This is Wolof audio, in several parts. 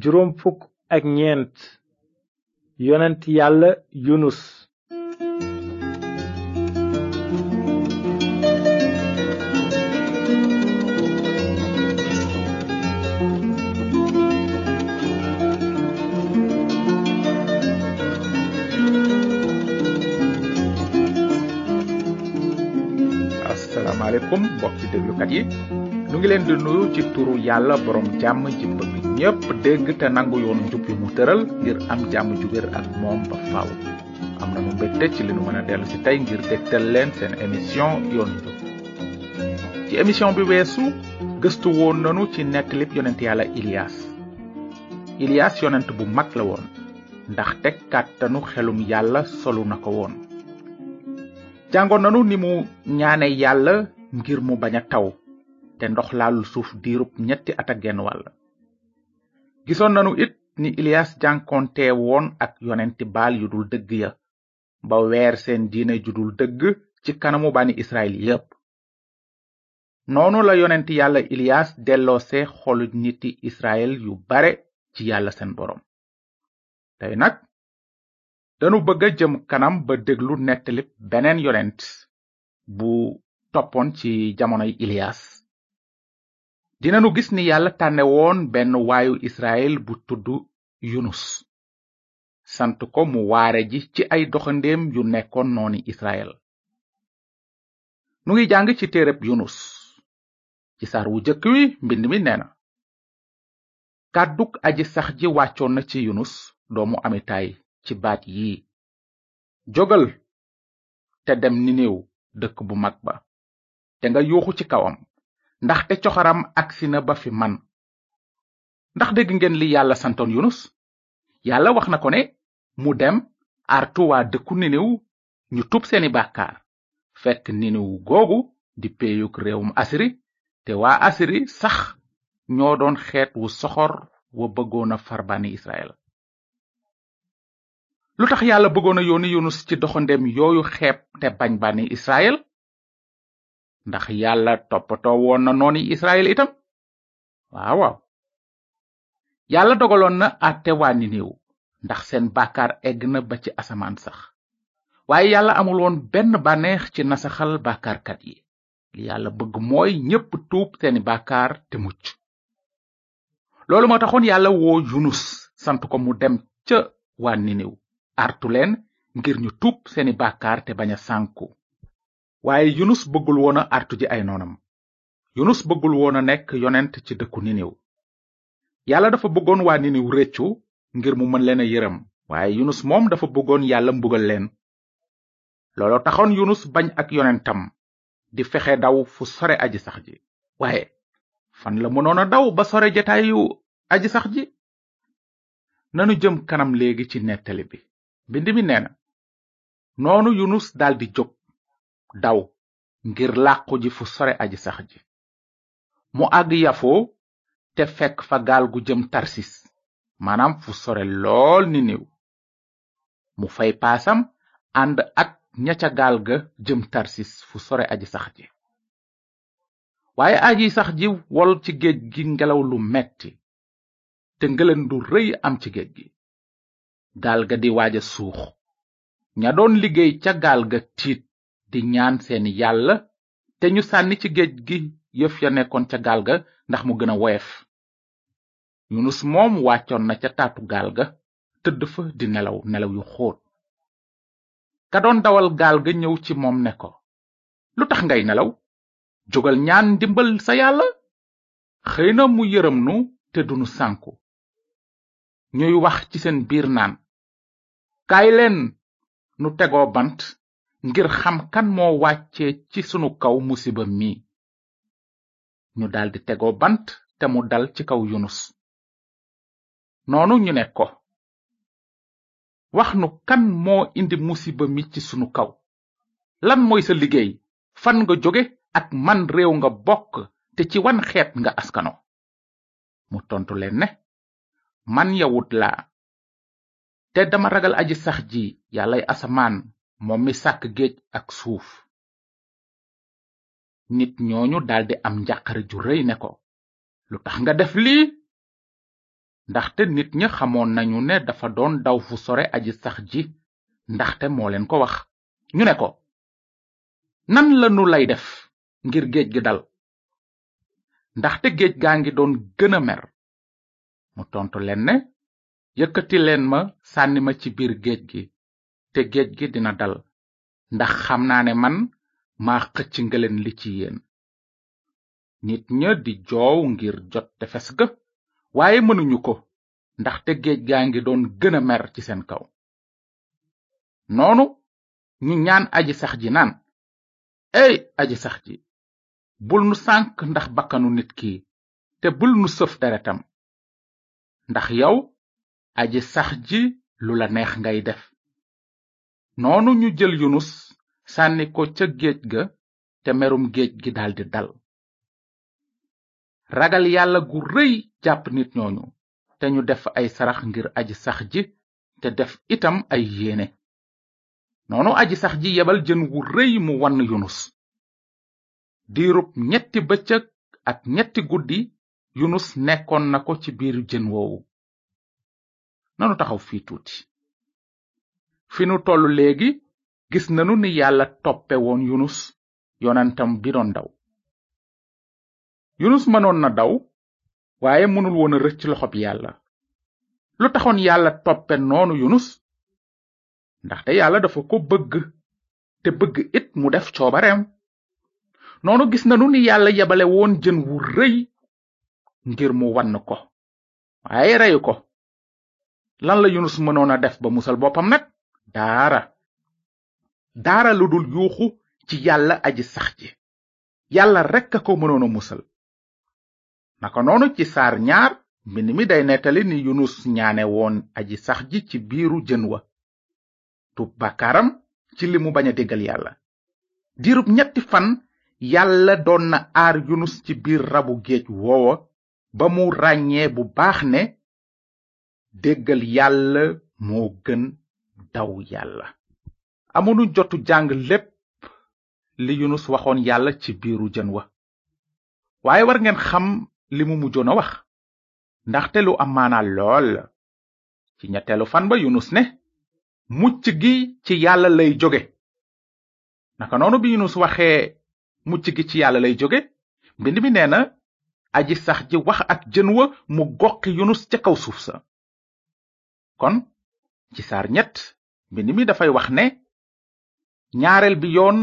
juróom fukk ak ñeent yonent yàlla yunus asalaamaaleykum mbokki déglukat yi nu ngi leen di nuyu ci turu yàlla borom jàmm ji bëgg ñépp dégg te nangu yoon njub yu mu tëral ngir am jàmm ju wér ak moom ba faaw am na nu mbégte ci li nu mën a dellu si tey ngir tegtal leen seen émission yoon njub ci émission bi weesu gëstu woon nanu ci nettalib yonent yàlla ilias ilias yonent bu mag la woon ndaxte kàttanu xelum yàlla solu na ko woon jàngoon nanu ni mu ñaane yàlla ngir mu bañ a taw te ndox laalul suuf diirub ñetti at ak genn wàll gisoon nanu it ni ilias jànkoonte woon ak yonenti baal yu dul dëgg ya ba weer seen diine ju dul dëgg ci kanamu bani israel yépp noonu la yonenti yàlla ilias delloose xolu niti israel yu bare ci yàlla seen borom tey nag danu bëgg a jëm kanam ba déglu nettalib beneen yonent bu topon ci jamonoy ilias dinanu gis ni yàlla tànne woon benn waayu israel bu tudd yunus sant ko mu waare ji ci ay doxandéem yu nekkoon nooni israel nu ngi jàng ci téereb yunus ci saar wu jëkk wi mbind mi nee na kàddug aji sax ji wàccoon na ci yunus doomu amitaay ci baat yi jogal te dem ni niniw dëkk bu mag ba te nga yuuxu ci kawam ndaxte coxaram agsi na ba fi man ndax dégg ngeen li yàlla santoon yunus yàlla wax na ko ne mu dem artu waa dëkku niniw ñu tub seeni bàkkaar fekk niniw googu di péeyug réewum asiri te waa asiri sax ñoo doon xeet wu soxor wa bëggoon a far bànni israel lu tax yàlla bëggoon a yónni yunus ci doxandeem yooyu xeeb te bañ bànni israel ndax yàlla toppatoo woon na nooni israel itam waaw waaw yàlla dogaloon na àtte waa niniw ndax seen bàkkaar egg na ba ci asamaan sax waaye yàlla amul woon benn bànneex ci nasaxal bàkkaarkat yi li yàlla bëgg mooy ñépp tuub seeni bàkkaar te mucc loolu moo taxoon yàlla woo yunus sant ko mu dem ca waa niniw artu leen ngir ñu tuub seeni bàkkaar te bañ a waaye yunus bëggul woon a artu ji ay noonam yunus bëggul woon a nekk yonent ci dëkku niniw yàlla dafa bëggoon waa niniw réccu ngir mu mën leen a yërëm waaye yunus moom dafa bëggoon yàlla mbugal leen looloo taxoon yunus bañ ak yonentam di fexe daw fu sore aji sax ji waaye fan la mënoon a daw ba sore jataayu aji sax ji nanu jëm kanam léegi ci nettali bi mbind mi nee na noonu yunus di jóg daw ngir làqu ji fu sore aji sax ji mu àgg yafo te fekk fa gaal gu jëm tarsis maanaam fu sore lool ni niw mu fay paasam ànd ak ña ca gaal ga jëm tarsis fu sore aji sax ji waaye aji sax ji wol ci géej gi ngelaw lu metti te ngëlën du rëy am ci géej gi gaal ga di waaja suux ña doon liggéey ca gaal ga tiit di ñaan seeni yàlla te ñu sànni ci géej gi yëf ya nekkoon ca gaal ga ndax mu gën a woyef yunus moom wàccoon na ca taatu gaal ga tëdd fa di nelaw nelaw yu xool ka doon dawal gaal ga ñëw ci moom ne ko lu tax ngay nelaw jógal ñaan ndimbal sa yàlla xëy na mu yërëm nu te dunu sànku ñuy wax ci seen biir naan kaay leen nu tegoo bant ngir xam kan moo wàccee ci sunu kaw musiba mi ñu daldi tego bant te mu dal ci kaw yunus noonu ñu ne ko waxnu kan moo indi musiba mi ci sunu kaw lan mooy sa liggéey fan nga joge ak man réew nga bokk te ci wan xeet nga askano mu tontu leen ne man yawut laa te dama ragal aji sax ji yàllay asamaan moom mi sàkk géej ak suuf nit ñooñu daldi am njàqare ju réy ne ko lu tax nga def lii ndaxte nit ñi xamoon nañu ne dafa doon daw fu sore aji sax ji ndaxte moo leen ko wax ñu ne ko nan la lanu lay def ngir géej gi dal ndaxte géej gaa ngi doon gën a mer mu tontu leen ne yëkkati leen ma sànni ma ci biir géej gi te géej gi dina dal ndax xam naa ne man maa xëcc ngëleen li ci yéen nit ñë di joow ngir jot tefes ga waaye mënuñu ko ndaxte géej gaa ngi doon gën a mer ci seen kaw noonu ñu ñaan aji sax ji naan ey aji sax ji bul nu sànk ndax bakkanu nit ki te bul nu sëf deretam ndax yow aji sax ji lu la neex ngay def noonu ñu jël yunus sànni ko ca géej ga te merum géej gi daldi dal ragal yàlla gu rëy jàpp nit ñooñu te ñu def ay sarax ngir aji sax ji te def itam ay yéene noonu aji sax ji yebal jën wu rëy mu wann yunus diirub ñetti bëccëg ak ñetti guddi yunus nekkoon na ko ci biir jën woowu nanu taxaw fii tuuti fi nu toll léegi gis nanu ni yàlla toppe woon yunus yonantam bi doon daw yunus mënoon na daw waaye mënul woon a rëcc loxob yàlla lu taxoon yàlla toppe noonu yunus ndaxte yàlla dafa ko bëgg te bëgg it mu def coobareem noonu gis nanu ni yàlla yebale woon jën wu rëy ngir mu wann ko waaye reyu ko lan la yunus mënoon a def ba musal boppam nag daara daara lu yuuxu ci yàlla aji sax ji yàlla rekk a ko mënoon musal naka noonu ci saar ñaar mbind mi day nettali ni yunus ñaane woon aji sax ji ci biiru jën wa tub ci li mu bañ a déggal yàlla diirub ñetti fan yàlla doon na aar yunus ci biir rabu géej woowa ba mu ràññee bu baax ne déggal yàlla moo gën daw yàlla amuñu jotu jàng lépp li yunus waxoon yàlla ci biiru jën wa waaye warngeen xam li mu mujjoon a wax ndaxte lu am maanaa lool ci ñetteelu fan ba yunus ne mucc gi ci yàlla lay jóge naka noonu bi yunus waxee mucc gi ci yàlla lay jóge mbind mi nee na aji sax ji wax ak jën wa mu goqi yunus ca kaw suuf sa kon ci saar ñett ni mi dafay wax ne ñaareel bi yoon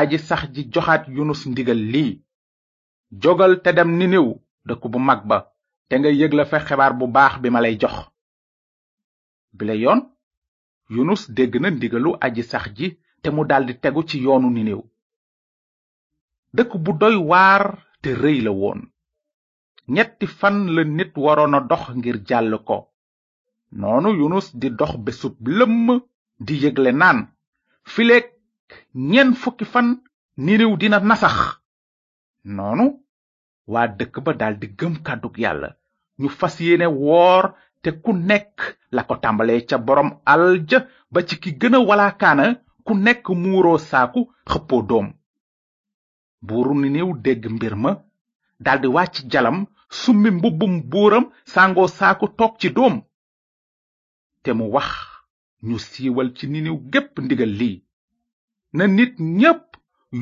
aji sax ji joxaat yunus ndigal lii jógal te dem niniw dëkk bu mag ba te nga yëg la fa bu baax bi ma lay jox bile yoon yunus dégg na ndigalu aji sax ji te mu daldi tegu ci yoonu niniw dëkk bu doy waar te rëy la woon ñetti fan la nit waroon a dox ngir jàll ko noonu yunus di dox bésub lëmm di yëgle naan fileek ñeent fukki fan ni réew dina nasax noonu waa dëkk ba daldi gëm kàddug yàlla ñu fas yéene woor te ku nekk la ko tàmbalee ca borom àll ba ci ki gën a walaakaana ku nekk muuroo saaku xëppoo doom buuru niniw dégg mbir ma daldi wàcc jalam summi mbubbum buuram sangoo saaku toog ci doom te mu wax ñu siiwal ci niniw gépp ndigal lii na nit ñépp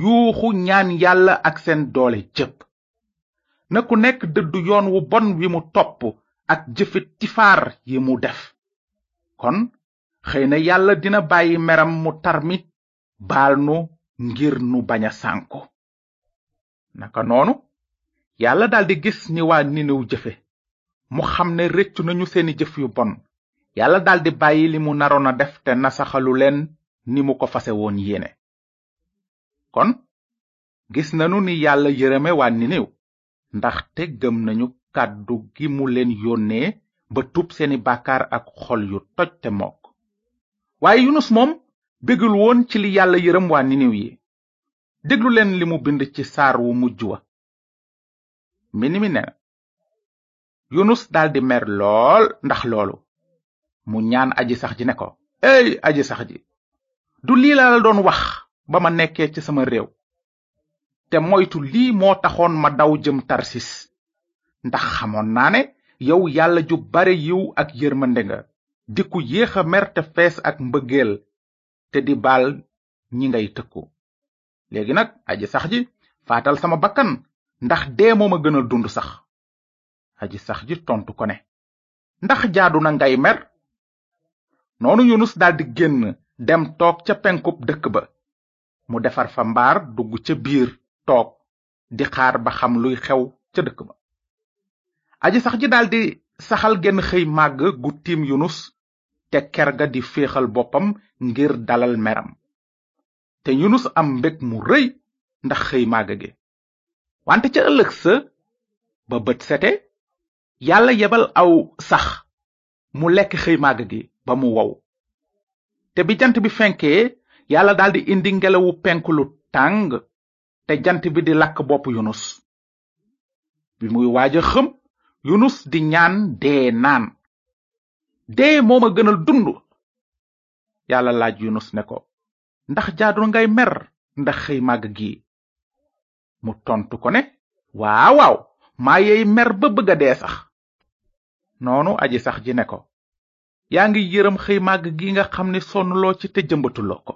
yuuxu ñaan yàlla ak seen doole jëpp na ku nekk dëddu yoon wu bon wi mu topp ak jëfit tifaar yi mu def kon xëy na yàlla dina bàyyi meram mu tarmit baal nu ngir nu bañ a sànku naka noonu yàlla daldi gis ni waa niniw jëfe mu xam ne rëccu nañu seeni jëf yu bon yàlla daldi bàyyi li mu naroon a def te nasaxalu leen ni mu ko fase woon yéene kon gis nanu ni yàlla yërëme waa niniw ndaxte gëm nañu kàddu gi mu leen yónnee ba tub seeni bàkkaar ak xol yu toj te mokk waaye yunus moom bégul woon ci li yàlla yërëm waa niniw yi déglu leen li mu bind ci saar wu mujj wa mbind mi ne yunus daldi mer lool ndax loolu mu ñaan aji sax ji ne ko ey aji sax ji du lii la doon wax ba ma nekkee ci sama réew te moytu lii moo taxoon ma daw jëm tarsis ndax xamoon naa ne yow yàlla ju bare yiw ak yërmande nga di ku yéex mer te fees ak mbëggeel te di baal ñi ngay tëkku léegi nag aji sax ji faatal sama bakkan ndax dee moo ma gënal dund sax aji sax ji tontu ko ne ndax jaadu ngay mer noonu yunus daldi génn dem toog ca penkub dëkk ba mu defar fa mbaar dugg ca biir toog di xaar ba xam luy xew ca dëkk ba aji sax ji daldi saxal genn xëy màgg gu tiim yunus te ker ga di féexal boppam ngir dalal meram te yunus am mbég mu rëy ndax xëy màgg gi wante ca ëllëg sa ba bët sete yàlla yebal aw sax mu lekk xëy màgg gi ba mu wow te bi jant bi fenke yalla daldi indi ngelawu penku lu tàng te jant bi di lak bop yunus bi muy waaj xam yunus di ñaan dee nan de moma gënal dundu yalla laaj yunus ne ko ndax jaadu ngay mer ndax xey mag gi mu tontu ko ne waaw waaw maa yey mer ba bëgg a dee sax noonu aji sax ji ne ko yaa ngi yërëm xëy màgg gi nga xam ne sonnuloo ci te jëmbatuloo ko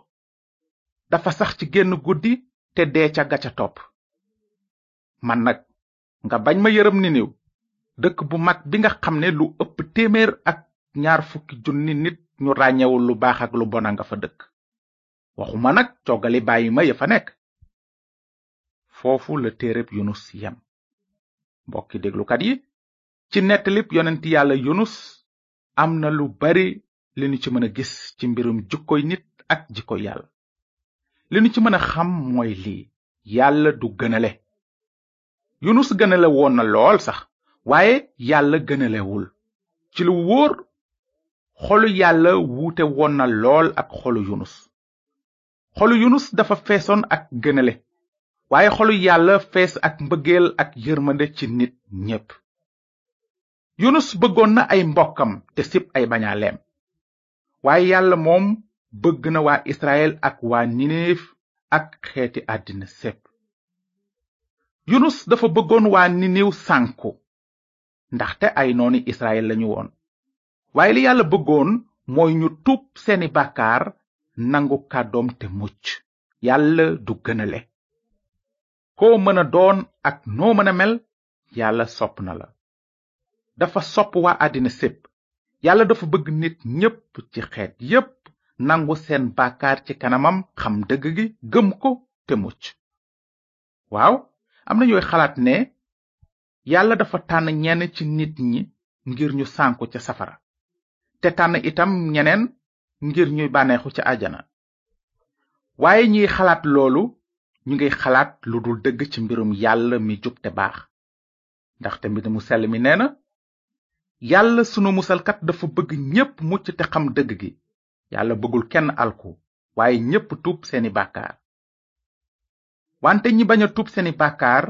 dafa sax ci génn guddi te dee ca ga ca topp man nag nga bañ ma yërëm niniw dëkk bu mag bi nga xam ne lu ëpp téeméer ak ñaar fukki junni nit ñu ràññewul lu baax ak lu bona nga fa dëkk waxuma nag coogali bàyyi ma ya fa nekk foofu la téereb yunus yem mbokki déglukat yi ci nettalib yonent yàlla yunus am na lu bari li nu ci mën a gis ci mbirum jikkoy nit ak jikko yàlla li nu ci mën a xam mooy lii yàlla du gënale yunus gënale woon na lool sax waaye yàlla gënalewul ci lu wóor xolu yàlla wuute woon na lool ak xolu yunus xolu yunus dafa feesoon ak gënale waaye xolu yàlla fees ak mbëggeel ak yërmande ci nit ñépp yunus bëggoon na ay mbokkam te sib ay bañaaleem waaye yàlla moom bëgg na waa israel ak waa nineef ak xeeti àddina sépp yunus dafa bëggoon waa niniw sànku ndaxte ay nooni israel lañu woon waaye li yàlla bëggoon mooy ñu tub seeni bàkkaar nangu kàddoom te mucc yàlla du gënale koo mën a doon ak noo mën a mel yàlla sopp na la dafa sopp waa àddina sépp yàlla dafa bëgg nit ñépp ci xeet yépp nangu seen bàkkaar ci kanamam xam dëgg gi gëm ko te mucc waaw am na ñooy xalaat ne yàlla dafa tànn ñenn ci nit ñi ngir ñu sànku ca safara te tànn itam ñeneen ngir ñuy bànneexu ca àjjana waaye ñiy xalaat loolu ñu ngi xalaat lu dul dëgg ci mbirum yàlla mi jub te baax ndaxte mbir mu sell mi nee na yàlla sunu musalkat dafa bëgg ñépp mucc te xam dëgg gi yàlla bëggul kenn alku waaye ñépp tuub seeni bàkkaar wante ñi bañ a tuub seeni bàkkaar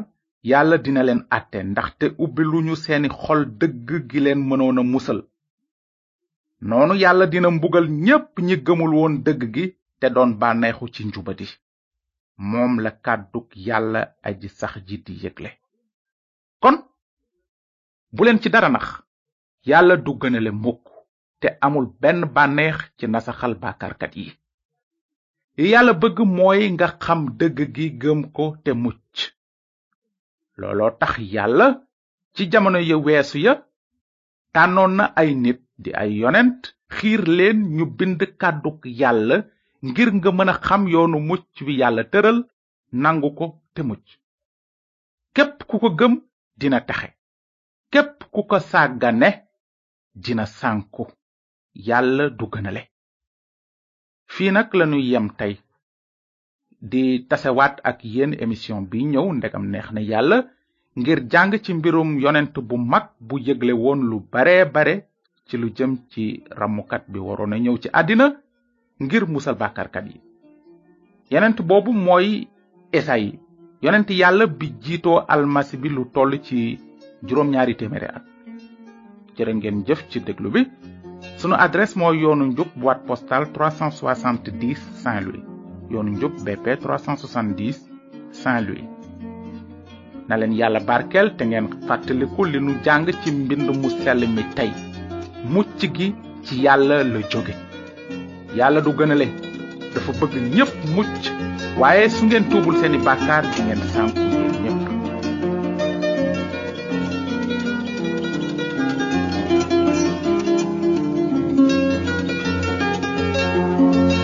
yàlla dina leen àtte ndaxte ubbi lu ñu seeni xol dëgg gi leen mënoon a musal noonu yàlla dina mbugal ñépp ñi gëmul woon dëgg gi te doon bànneexu ci njubadi moom la kàddug yàlla aji sax ji di yëgle kon bu leen ci dara nax yàlla du gënale mukk te amul benn bànneex ci nasaxal bàkkaarkat yi li yàlla bëgg mooy nga xam dëgg gi gëm ko te mucc looloo tax yàlla ci jamono ya weesu ya tànnoon na ay nit di ay yonent xiir leen ñu bind kàdduk yàlla ngir nga mën a xam yoonu mucc wi yàlla tëral nangu ko te mucc képp ku ko gëm dina taxe képp ku ko sàggane dina yalle yàlla dugganale Fi nak lanu yem tey di tasewaat ak yéen émission bi ñëw ndegam neex na ngir jàng ci mbirum yonent bu mag bu lu bare bare ci lu jëm ci ramukat bi waroon a ci ngir musal bàkkaarkat yi yonent boobu esai, esayi yonent yàlla bi jiitoo almasi bi lu toll ci juróom ñaari téeméeri at jërë ngeen jëf ci déglu bi sunu adresse mooy yoonu njub boîte postale 370 saint louis yoonu njub bp 370 saint louis na leen yàlla barkel te ngeen fàttaliku li nu jàng ci mbind mu sell mi tey mucc gi ci yàlla la jóge yàlla du gënale dafa bëgg ñépp mucc waaye su ngeen tuubul seeni bàkkaar di ngeen sànku ñépp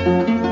Thank you.